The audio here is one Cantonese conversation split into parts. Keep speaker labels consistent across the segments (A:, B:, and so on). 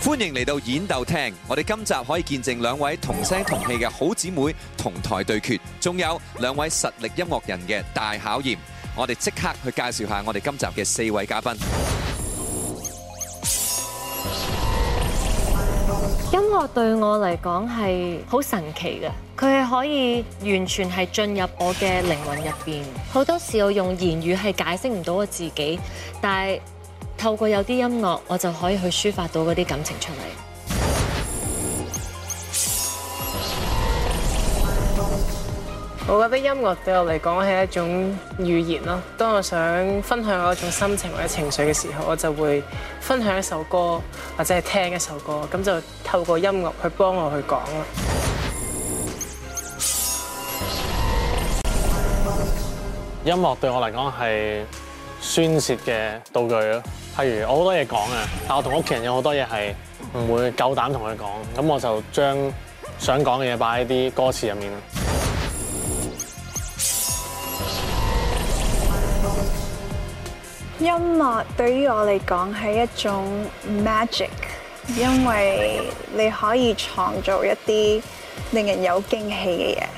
A: 歡迎嚟到演奏廳，我哋今集可以見證兩位同聲同氣嘅好姊妹同台對決，仲有兩位實力音樂人嘅大考驗。我哋即刻去介紹下我哋今集嘅四位嘉賓。
B: 音樂對我嚟講係好神奇嘅，佢係可以完全係進入我嘅靈魂入邊。好多時候我用言語係解釋唔到我自己，但係透過有啲音樂，我就可以去抒發到嗰啲感情出嚟。我覺得音
C: 樂對我嚟講係一種語言咯。當我想分享我一種心情或者情緒嘅時候，我就會分享一首歌，或者係聽一首歌，咁就透過音樂去幫我去講啦。
D: 音樂對我嚟講係宣洩嘅道具咯。譬如我好多嘢講啊，但我同屋企人有好多嘢係唔會夠膽同佢講，咁我就將想講嘅嘢擺喺啲歌詞入面。
E: 音樂對於我嚟講係一種 magic，因為你可以創造一啲令人有驚喜嘅嘢。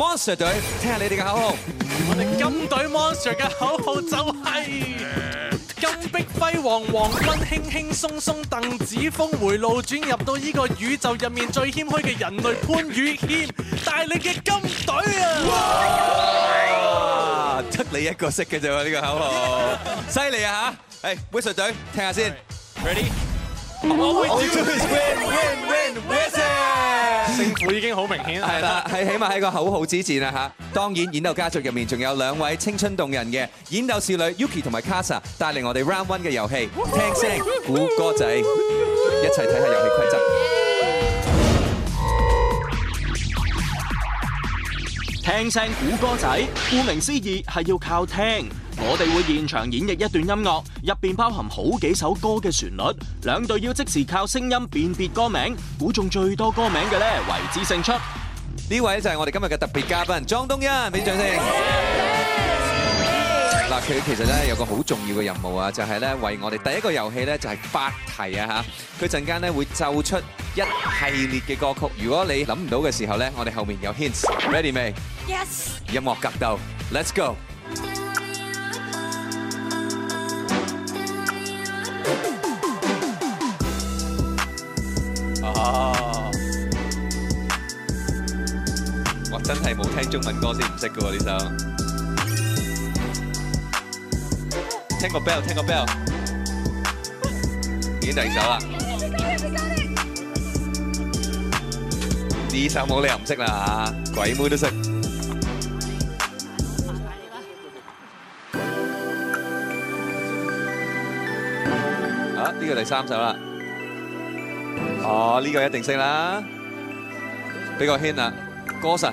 A: Monster 隊聽下你哋嘅口號，我哋金隊 Monster 嘅口號就係金碧輝煌
D: 王王，王君輕輕鬆鬆，鄧子峰迴路轉入到呢個宇宙入面最謙虛嘅人類潘宇謙，大力嘅金隊啊！哇！
A: 得你一個識嘅啫嘛，呢、呢個口號，犀利啊嚇！誒，衛詩隊聽下先，Ready？勝負已經好明顯啦，係啦，係起碼喺個口號之戰啦嚇。當然，演奏家族入面仲有兩位青春動人嘅演奏少女 Yuki 同埋 Casa 帶嚟我哋 Round One 嘅遊戲，聽聲估歌仔，
F: 一齊睇下遊戲規則。聽聲估歌仔，顧名思義係要靠聽。我哋會現場演繹一段音樂，入邊包含好幾首歌嘅旋律，兩隊要即時靠聲音辨別歌名，估中最多歌名嘅咧，為之勝出。呢位就係我哋今日嘅特別嘉賓莊冬昕，俾掌
A: 聲。嗱，佢其實咧有個好重要嘅任務啊，就係咧為我哋第一個遊戲咧就係發題啊，吓，佢陣間咧會奏出一系列嘅歌曲，如果你諗唔到嘅時候咧，我哋後面有 hints，ready 未
G: ？Yes，
A: 音樂格鬥，Let's go。真係冇聽中文歌先唔識噶喎，呢首。聽個 bell，聽個 bell，已經第二首啦。呢首冇理由唔識啦嚇，鬼妹都識。啊，呢個第三首啦，哦，呢個一定識啦，比較 hit 啊，歌神。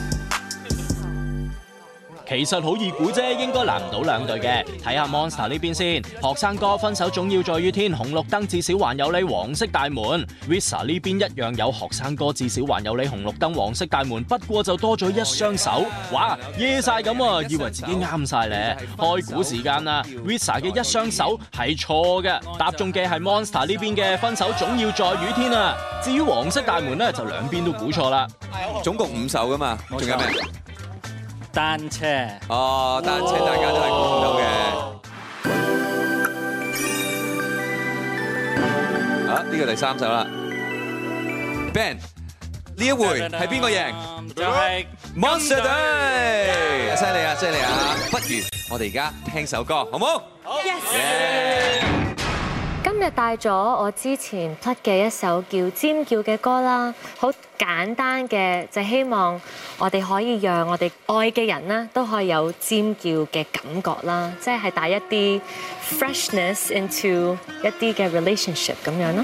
F: 其實好易估啫，應該難唔到兩隊嘅。睇下 Monster 呢邊先，學生哥分手總要在雨天，紅綠燈至少還有你黃色大門。Risa 呢邊一樣有學生哥，至少還有你紅綠燈黃色大門，不過就多咗一雙手。哇，耶晒咁啊，以為自己啱晒咧。開估時間啦，Risa 嘅一雙手係錯嘅，答中嘅係 Monster 呢邊嘅分手總要在雨天啊。至於黃色大門咧，就兩邊都估錯啦。總共五首噶嘛，仲有咩？單車哦，
A: 單車大家都係估唔到嘅。好哇，呢個、啊、第三首啦。Ben，呢一回係邊個贏？就係 Monster Day 犀利啊，犀利啊！不如我哋而家聽首歌，好唔好？好。Yes. Yeah.
B: 今日帶咗我之前 put 嘅一首叫《尖叫》嘅歌啦，好。簡單嘅就希望我哋可以讓我哋愛嘅人呢，都可以有尖叫嘅感覺啦，即係帶一啲 freshness into 一啲嘅 relationship 咁樣咯。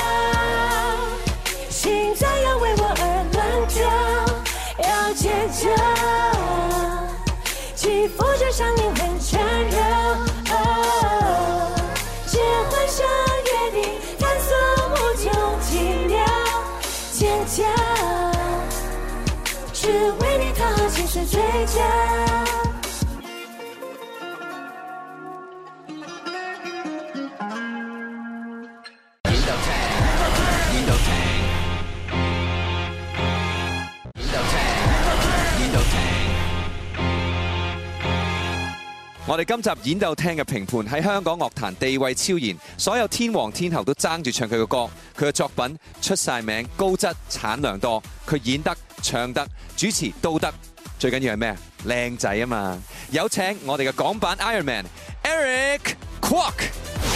A: 我哋今集演奏廳嘅評判喺香港樂壇地位超然，所有天王天后都爭住唱佢嘅歌，佢嘅作品出晒名，高質產量多，佢演得唱得主持都得，最緊要係咩？靚仔啊嘛！有請我哋嘅港版 Iron Man Eric Kwok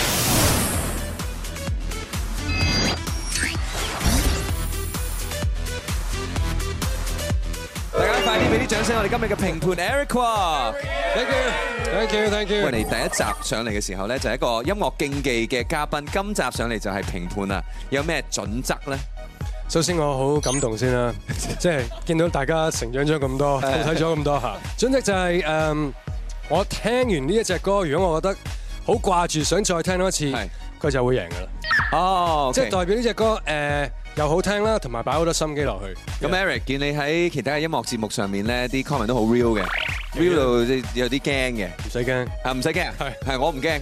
A: 大家快啲俾啲掌聲，我哋今日嘅評判 Eric 喎，thank you，thank you，thank you。喂，嚟第一集上嚟嘅時候咧，就係一個音樂競技嘅嘉賓，今集
H: 上嚟就係評判啦，有咩準則咧？首先我好感動先啦，即係見到大家成長咗咁多，睇咗咁多吓。準則就係誒，我聽完呢一隻歌，如果我覺得好掛住，想再聽多一次，係，佢就會贏噶啦。哦，即係代表呢隻歌誒。又好聽啦，同埋擺好多心機落去。咁那
A: Eric 對見你喺其他音樂節目上面咧，啲 comment 都好 real 嘅人，real 到有啲驚嘅。唔使驚，係唔使驚啊，係是我唔驚。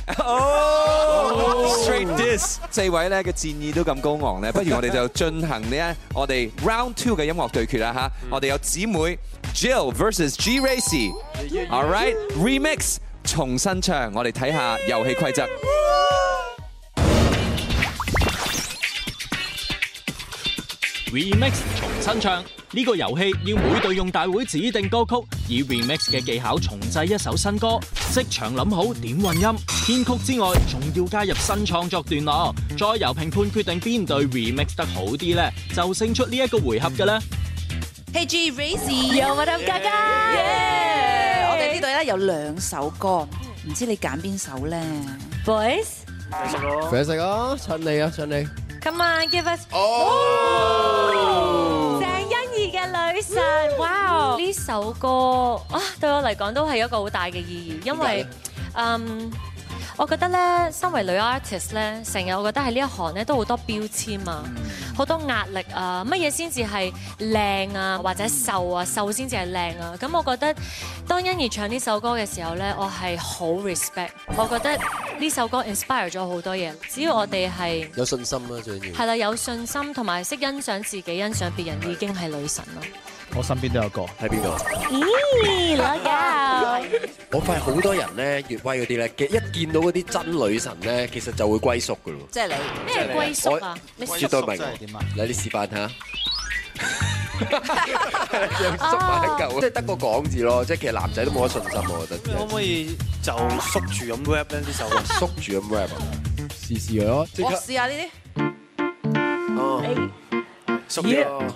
E: 哦，Straight This，四
A: 位咧嘅戰意都咁高昂咧，不如我哋就進行咧我哋 Round Two 嘅音樂對決啦嚇，我哋有姊妹 Jill vs Grace，All Right Remix 重新唱，我哋睇下遊戲規則。
F: Remix 重新唱，呢個遊戲要每隊用大會指定歌曲，以 Remix 嘅技巧重製一首新歌，即場諗好點混音編曲之外，仲要加入新創作段落，再由評判決定邊隊 Remix 得好啲咧，就勝出呢一個回合嘅咧。
B: Hey G Raising，有我哋家家，我哋呢隊咧有兩首歌，唔知你揀邊首咧，Boys，肥食啊，肥食啊，出嚟啊，出嚟。Come on, give us，oh. 鄭欣宜嘅女神，哇！呢首歌啊，對我嚟講都係一個好大嘅意義，因為嗯。我覺得咧，身為女 artist 咧，成日我覺得喺呢一行咧都好多標籤啊，好多壓力啊，乜嘢先至係靚啊，或者瘦啊，瘦先至係靚啊。咁我覺得當欣宜唱呢首歌嘅時候咧，我係好 respect。我覺得呢首歌 inspire 咗好多嘢。只要我哋係
F: 有信心啦，最緊要係啦，
B: 有信心同埋識欣賞自己、欣賞別人已經係女神囉。
F: 我身邊都有個，係邊個？
G: 咦，攞膠！
F: 我發現好多人咧，越威嗰啲咧，一見到嗰啲真女神咧，其實就會歸屬㗎喎。即
G: 係你咩
C: 歸屬啊？你絕對明我點
F: 啊？你啲示範下。縮埋啲膠，即係得個講字咯。即係其實男仔都冇乜信心，我覺得。可唔可以就縮住咁 rap 呢啲手？縮住咁 rap，試試佢咯。我試
I: 下
G: 呢啲。哦，
F: 收屘啊！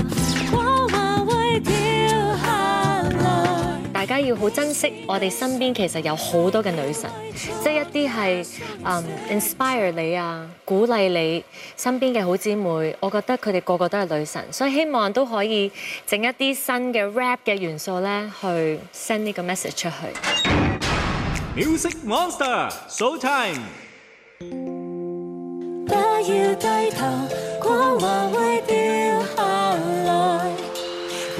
B: 要好珍惜我哋身邊其實有好多嘅女神，即係一啲係，um, inspire 你啊，鼓勵你身邊嘅好姊妹，我覺得佢哋個個都係女神，所以希望都可以整一啲新嘅 rap 嘅元素咧，去 send 呢個 message 出
F: 去。Music monster show time！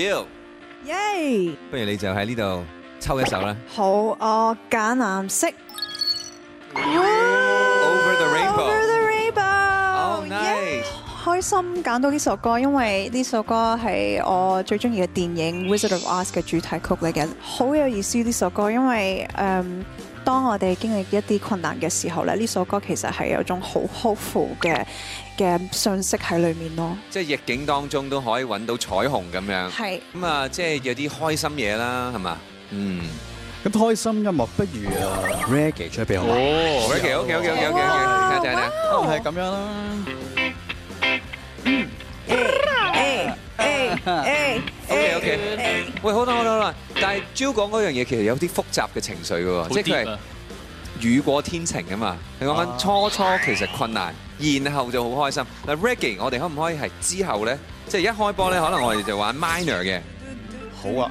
E: 耶！
A: 不如你就喺呢度抽一首啦。
E: 好，我揀藍色。
A: Over the rainbow，Over the
E: rainbow。
A: 哦，nice！
E: 開心揀到呢首歌，因為呢首歌係我最中意嘅電影《Wizard of Oz》嘅主題曲嚟嘅，好有意思呢首歌，因為誒。當我哋經歷一啲困難嘅時候咧，呢首歌其實係有種好 hopeful 嘅嘅信息喺裏面咯。
A: 即係逆境當中都可以揾到彩虹咁樣。係。咁啊，即係有啲開心嘢啦，係嘛？嗯。
E: 咁開
H: 心音樂不如啊，Reggae 出邊哦。Reggae，OK OK OK OK OK，多
G: 謝
A: 你。哦，係咁樣啦。誒哎，OK，OK，喂，好啦，好啦，好啦，但係 Jo 講樣嘢其實有啲複雜嘅情緒嘅喎，即係佢係雨過天晴啊嘛，你講緊初初其實困難，然後就好開心。嗱 Reggae 我哋可唔可以係之後咧，即係一開波咧，可能我哋就玩 Minor 嘅，好啊。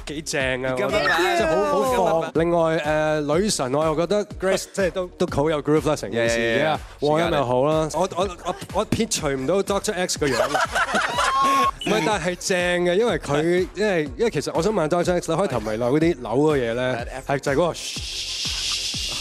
H: 都幾正啊！即係好好放。另外誒，女神我又覺得 Grace 即係都都好有 group 啦，成件事。s i n g 嘅，和音又好啦。我我我撇除唔到 Doctor X 個樣。唔係，但係正嘅，因為佢因為因為其實我想問 Doctor X，開頭咪鬧嗰啲扭嘅嘢咧，係就係嗰個。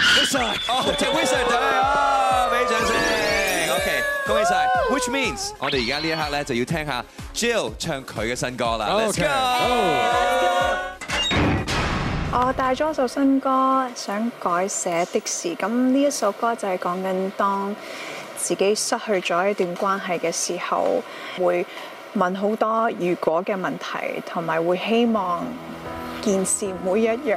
A: 好曬，哦，Jack Wilson 俾獎先，OK，恭喜晒。Which means，我哋而家呢一刻咧就要聽下 Jill 唱佢嘅新歌啦。Let's
E: go，我帶咗首新歌，想改寫的士。咁呢一首歌就係講緊當自己失去咗一段關係嘅時候，會問好多如果嘅問題，同埋會希望件事唔會一樣。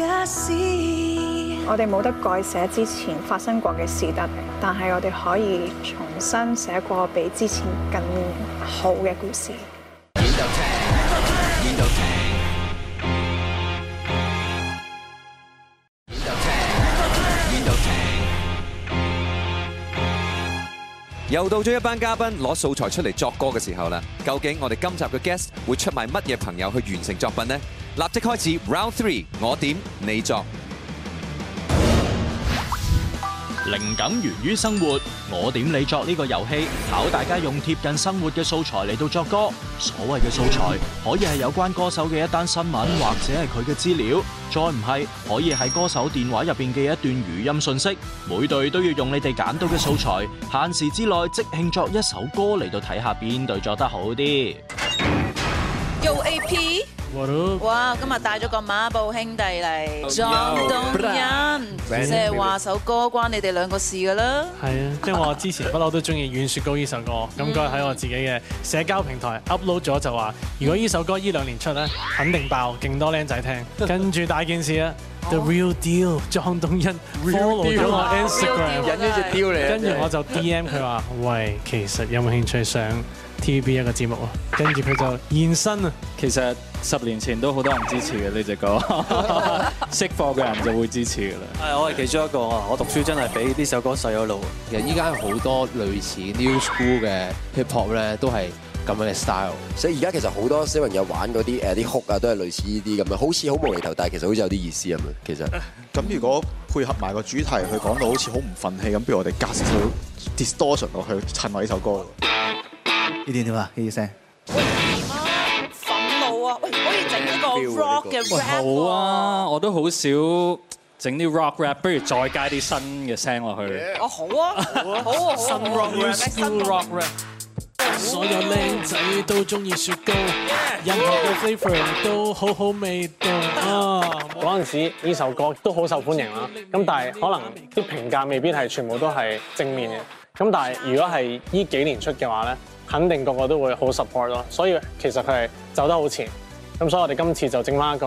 E: 我哋冇得改寫之前發生過嘅事得，但係我哋可以重新寫過比之前更好嘅故事。
A: 又到咗一班嘉賓攞素材出嚟作歌嘅時候啦，究竟我哋今集嘅 guest 會出賣乜嘢朋友去完成作品呢？立即開
F: 始 Round Three，我點你作。靈感源於生活，我點你作呢個遊戲，考大家用貼近生活嘅素材嚟到作歌。所謂嘅素材，可以係有關歌手嘅一單新聞，或者係佢嘅資料，再唔係可以係歌手電話入邊嘅一段語音信息。每隊都要用你哋揀到嘅素材，限時之內即興作一首歌嚟到睇下邊隊作得好啲。
B: 用 AP。
F: 哇！
B: 今日
C: 帶咗個馬布兄弟嚟，莊冬昕即係話首歌你關你哋兩個事嘅啦。
D: 係啊，因為我之前不嬲都中意《軟雪糕》呢首歌，咁嗰日喺我自己嘅社交平台 upload 咗就話：如果呢首歌呢兩年出咧，肯定爆，勁多靚仔聽。跟住大件事啊，The Real Deal，莊冬昕 follow 咗我 Instagram，跟住我就 DM 佢話：喂，其實有冇興趣上 TVB 一個節目啊？跟住佢就現身啊，其實～十年前都好多人支持嘅呢隻歌， 識貨嘅人就會支持嘅啦。誒，我係其中一個我，我讀書真係畀呢首歌洗咗腦。其實依家好多類似 new school 嘅 hip hop 咧，都
F: 係咁樣嘅 style。所以而家其實好多小朋友玩嗰啲誒啲曲啊，都係類似呢啲咁嘅，好似好無厘頭，但係其實好似有啲意思咁嘅。其實咁如果配合埋個主題去講到好似好唔憤氣咁，不如我哋加少點 distortion 落去襯埋呢首歌這。呢啲點啊？呢啲聲。
C: Rock
D: 嘅 rap 喎、欸、好啊！我都好少整啲 rock rap，不如再加啲新嘅聲落去。哦，
F: 好啊，好啊，新 rock rap，新 rock rap。
J: 所
D: 有靚仔都中意雪糕，任何嘅 flavour 都好好味道啊！嗰陣時呢首歌都好受歡迎啦，咁但係可能啲評價未必係全部都係正面嘅。咁但係如果係呢幾年出嘅話咧，肯定個個都會好 support 咯。所以其實佢係走得好前。咁所以我哋今次就整返一個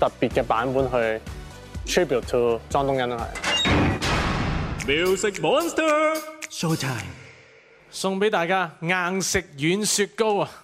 D: 特別嘅版本去 tribute to 莊冬昕係。Music Monster Showtime，送俾大家硬食軟雪糕啊！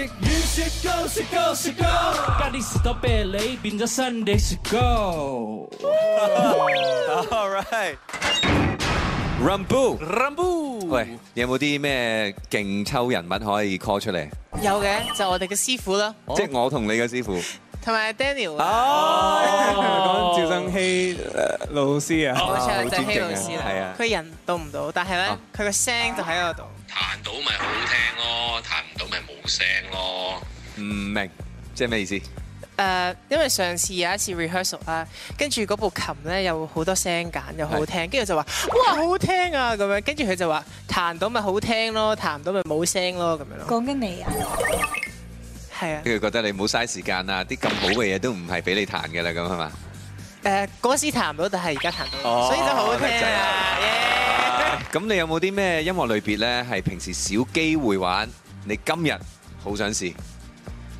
J: 雨雪糕，雪糕，雪糕，咖喱吃到鼻累，
A: 變咗
J: 三
C: D 雪糕。All
A: right，喂，有冇啲咩勁抽人物可以 call 出嚟？
C: 有嘅，就我哋嘅師傅咯，即
A: 係我同你嘅師傅，
C: 同埋 Daniel 啊，
A: 講趙振熙老師啊，趙振熙老師係啊，
C: 佢人到唔到，但係咧，佢個聲就喺度。
A: 彈到咪好聽咯，彈唔到咪冇聲咯。唔明，即係咩意思？
C: 誒、呃，因為上次有一次 rehearsal 啦，跟住嗰部琴咧有好多聲揀，又好好聽，跟住的就話哇好聽啊咁樣，跟住佢就話彈到咪好聽咯，彈唔到咪冇聲咯咁樣咯。講緊你啊，係啊的，
A: 跟住覺得你冇嘥時間啊，啲咁好嘅嘢都唔係俾你彈㗎啦，咁係嘛？
C: 誒嗰時彈唔到，但係而家彈
A: 到，oh, 所以都好好聽啊！咁、yeah. Yeah. 你有冇啲咩音樂類別咧？係平時少機會玩，你今日好想試？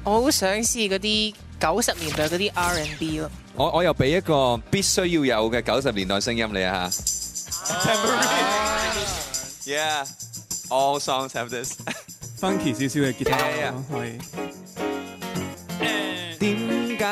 C: 我好想試嗰啲九十年代嗰啲 R&B 咯。
A: 我我又俾一個必須要有嘅九十年代聲音你啊嚇！Yeah，all songs have this funky 少少嘅吉他可以。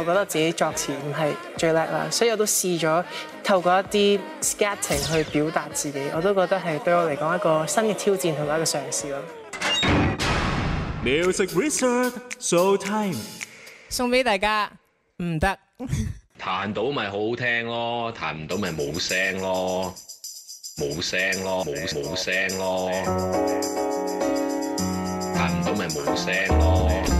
C: 我覺得自己作詞唔係最叻啦，所以我都試咗透過一啲 scatting 去表達自己，我都覺得係對我嚟講一個新嘅挑戰同埋一個嘗試咯。
F: Music Research Showtime，
C: 送俾大家，唔得。
F: 彈 到咪好好聽咯，彈唔到咪冇聲咯，冇聲咯，冇冇聲咯，
A: 彈唔到咪冇聲咯。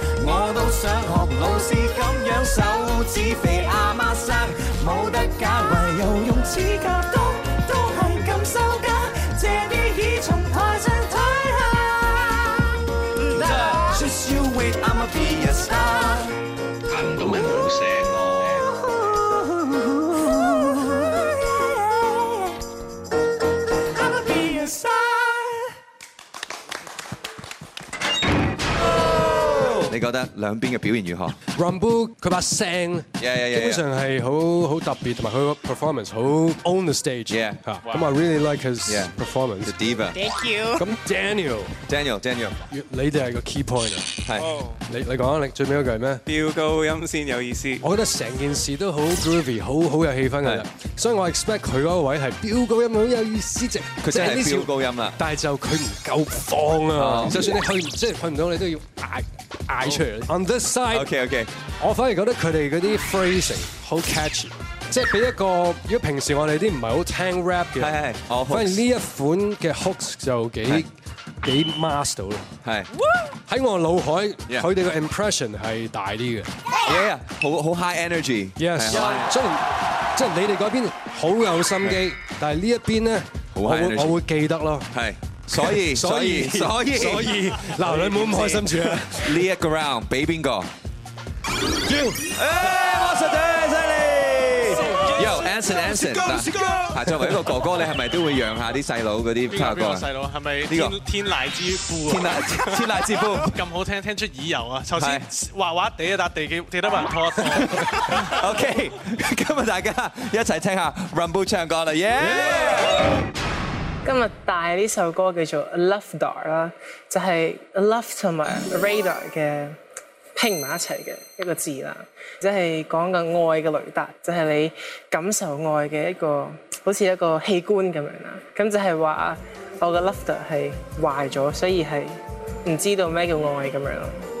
J: 想學老師咁樣手指肥，阿媽生冇得揀，唯有用指甲刀，都係咁修甲。
A: 你覺得兩邊嘅表現如何
H: ？Rumbu 佢把聲，基本上係好好特別，同埋佢 performance 好 own the stage，嚇，咁我 really like his performance。The diva，Thank you。咁 Daniel，Daniel，Daniel，你哋係個 key point 啊，係。你你講啊，你最尾嗰句係咩？飆高音先有意思。我覺得成件事都好 groovy，好好有氣氛啊，所以我 expect 佢嗰個位係飆高音好有意思啫。佢真係飆高音啦，但係就佢唔夠放啊，就算你去唔即係去唔到，你都要嗌嗌。On this side，OK OK，我反而覺得佢哋嗰啲 phrasing 好 catchy，即係俾一個如果平時我哋啲唔係好聽 rap 嘅，反而呢一款嘅 hooks 就幾幾 master 到咯。係喺我腦海，佢哋嘅 impression 係大啲嘅，係啊，好好 high energy。Yes，雖然即係即係你哋嗰邊好有心機，但係呢一邊咧，我會記得咯。係。所以所以所以所以，嗱，你滿唔開心住啊？
A: 呢一個 round 俾邊個？You，哎，Monster，犀利！Yo，Anson，Anson，唱歌。作為一個哥哥，你係咪都會讓下啲細佬嗰啲歌啊？細佬
D: 係咪呢個天籟之父？天籟之天籟之父咁好聽，聽出耳油啊！首先
A: 滑滑地一笪地幾幾多萬拖拖。OK，今日大家一齊聽下 Rumbu 唱歌啦，Yeah！
C: 今日帶呢首歌叫做《Love Dar》啦，就係《Love》同埋《Radar》嘅拼埋一齊嘅一個字啦，即係講緊愛嘅雷達，就係、是、你感受愛嘅一個，好似一個器官咁樣啦。咁就係話我嘅《Love Dar》係壞咗，所以係唔知道咩叫愛咁樣囉。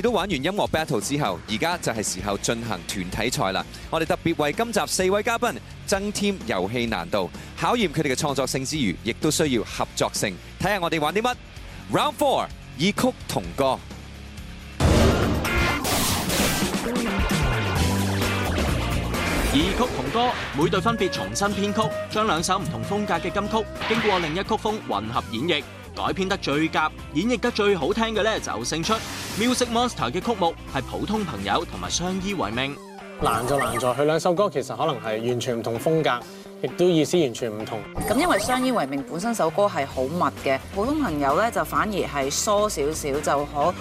A: 都玩完音樂 battle 之後，而家就係時候進行團體賽啦。我哋特別為今集四位嘉賓增添遊戲難度，考驗佢哋嘅創作性之餘，亦都需要合作性。睇下我哋玩啲乜？Round Four 二曲同歌，
F: 二曲同歌，每隊分別重新編曲，將兩首唔同風格嘅金曲經過另一曲風混合演繹，改編得最夾，演繹得最好聽嘅呢就勝出。Music Monster 嘅曲目係普通朋友同埋相依為命，難就難在
D: 佢兩首歌其實可能係完全唔同風格，亦都意思完全唔同。
C: 咁因為相依為命本身首歌係好密嘅，普通朋友咧就反而係疏少少就好。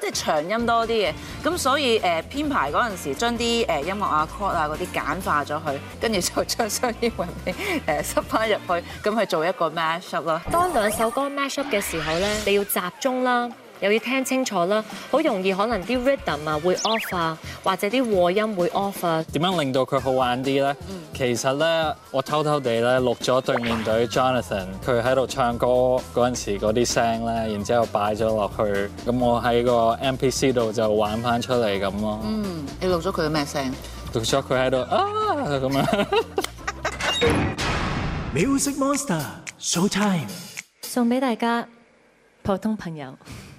C: 即係長音多啲嘅，咁所以誒編排嗰陣時，將啲音
B: 樂啊、chord 啊嗰啲簡化咗佢，跟住就將相應嘅誒塞翻入去，咁去做一個 mash up 啦。當兩首歌 mash up 嘅時候咧，你要集中啦。又要聽清楚啦，好容易可能啲 rhythm 啊會 offer，或者啲和音會 offer。
D: 點樣令到佢好玩啲咧？嗯、其實咧，我偷偷哋咧錄咗對面隊，隊 Jonathan 佢喺度唱歌嗰陣時嗰啲聲咧，然之後擺咗落去，咁我喺個 MPC 度就玩翻出嚟咁咯。嗯，
I: 嗯，你錄咗佢咩聲？
J: 錄咗佢喺度啊咁啊！Music Monster Showtime，
B: 送俾大家普通朋友。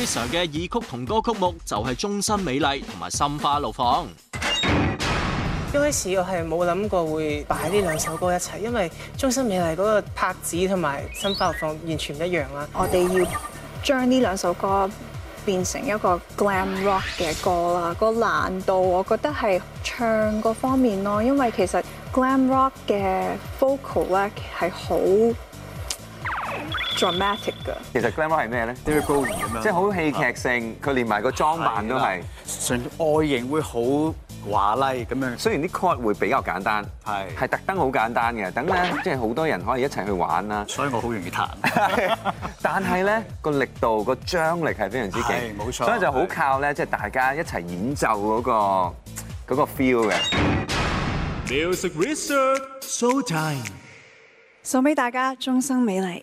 F: 非常嘅耳曲同歌曲目就係、是《中身美麗》同埋《心花怒放》。
C: 一開始我係冇諗過會擺呢兩首歌一齊，因為《中身美麗》嗰、那個拍子同埋《心花怒放》完全唔一樣啦。我哋要將
E: 呢兩首歌變成一個 Glam Rock 嘅歌啦，那個難度我覺得係唱嗰方面咯，因為其實 Glam Rock 嘅 v o c a l 咧係好。dramatic 噶，
A: 其實 glamour 係咩咧？樣即係好戲劇性，佢的連埋個裝扮都係，甚至外型會好華麗咁樣。雖然啲 chord 會比較簡單，係係特登好簡單嘅，等咧即係好多人可以一齊去玩啦。所以我好容易彈是，但係咧個力度、個張力係非常之勁，冇錯。所以就好靠咧，即係大家一齊演奏嗰、
F: 嗰個 feel 嘅。Music Research Showtime，
E: 送俾大家終生美麗。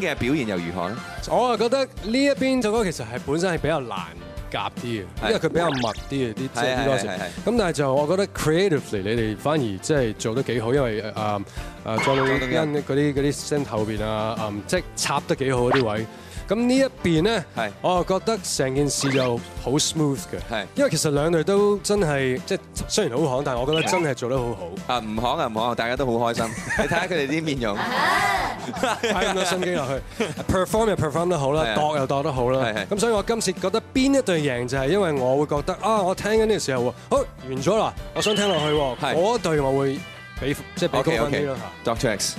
H: 嘅表現又如何咧？我啊覺得呢一邊做歌其實係本身係比較難夾啲嘅，因為佢比較密啲啊啲即係啲歌詞。咁但係就我覺得 creatively 你哋反而即係做得幾好，因為啊啊莊冬昕嗰啲嗰啲聲後邊啊，即係插得幾好啲位。咁呢一邊咧，我又覺得成件事又好 smooth 嘅，因為其實兩隊都真係即係雖然好戇，但係我覺得真係做得好好。啊唔戇啊唔戇，大家都好開心。你睇下佢哋啲面容，擺咁多心機落去，perform 又 perform 得好啦，度又度得好啦。咁所以我今次覺得邊一隊贏就係因為我會覺得啊，我聽緊呢個時候，好完咗啦，我想聽落去嗰隊，我會俾即係俾個分呢。Doctor X。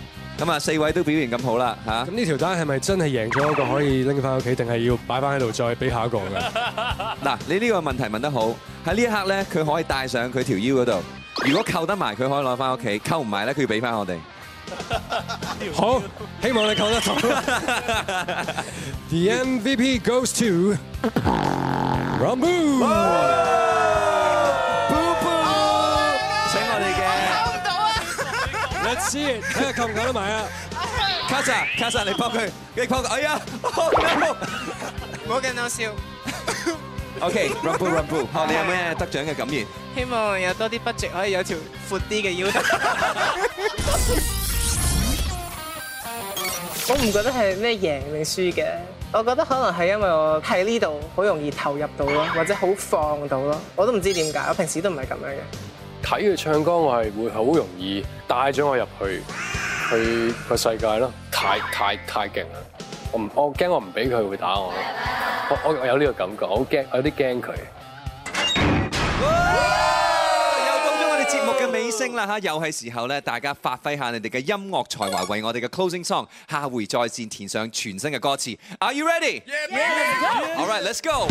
F: 咁啊，四位都表現咁好啦，咁、
H: 嗯、呢條單係咪真係贏咗一個可以拎翻屋企，定係要擺翻喺度再俾下一個嘅？嗱，你
A: 呢個問題問得好，喺呢一刻咧，佢可以戴上佢條腰
H: 嗰度。
A: 如果扣得埋，佢可以攞翻屋企；扣唔埋咧，佢要俾翻我哋。
H: 好，希望你扣得到。The MVP goes to Rumbu 笑，咁搞都埋
A: 啊！Kaza，Kaza，你扑佢，你扑佢，哎呀，冇、哦、嘅，我、啊啊、笑。OK，Rumbu，Rumbu，、嗯、你有咩得獎嘅感言？
C: 希望有多啲 budget 可以有條闊啲嘅腰帶。我唔覺得係咩贏定輸嘅，我覺得可能係因為我喺呢度好容易投入到咯，或者好放到咯，我都唔知點解，我平時都唔係咁樣嘅。
H: 睇佢唱歌，我係會好容易帶咗我入去佢個世界咯，太太太勁啦！我唔，我驚我唔俾佢會打我我我，我有呢個感覺，我好驚，我有啲驚佢。又到咗我哋節目
A: 嘅尾聲啦嚇，又係時候咧，大家發揮下你哋嘅音樂才華，為我哋嘅 closing song，下回再戰填上全新嘅歌詞。Are you ready? Yeah, yeah. All right, let's go.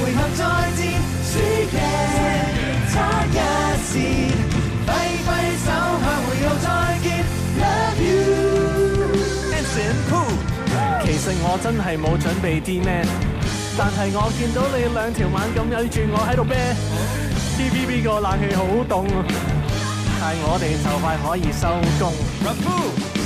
I: 回合
J: 再戰，輸贏差一線。揮揮手，下回又再見。Love you, Anthony Pooh。
D: 其實我真係冇準備啲咩，但係我見到你兩條晚咁扭住我喺度啤。TVB 個冷氣好凍，但係我哋就快可以收工。
A: r a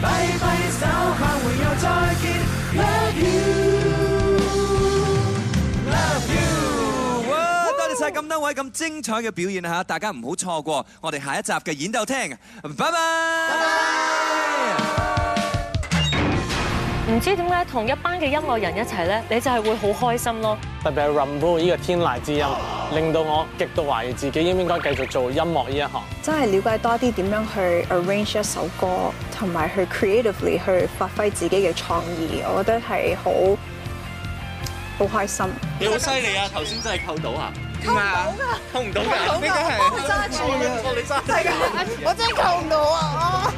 A: 拜拜，手開，又再見。Love you, love you。哇！多謝晒咁多位咁精彩嘅表演吓，大家唔好錯過我哋下一集嘅演奏廳。拜拜。拜拜。唔
B: 知點解同一班嘅音樂人一齊咧，你就係會好開心咯。
D: 特別係 Rumbu 呢個天籟之音，令到我極度懷疑自己應唔應該繼續做音樂呢一行。
E: 真係了解多啲點樣去 arrange 一首歌，同埋去 creatively 去發揮自己嘅創意，我覺得係好好開心
F: 你。你好犀利啊！頭先真係扣到不啊！扣唔到㗎，扣唔到㗎，邊個係？幫佢揸住啊！我
C: 揸，我真係扣唔到啊！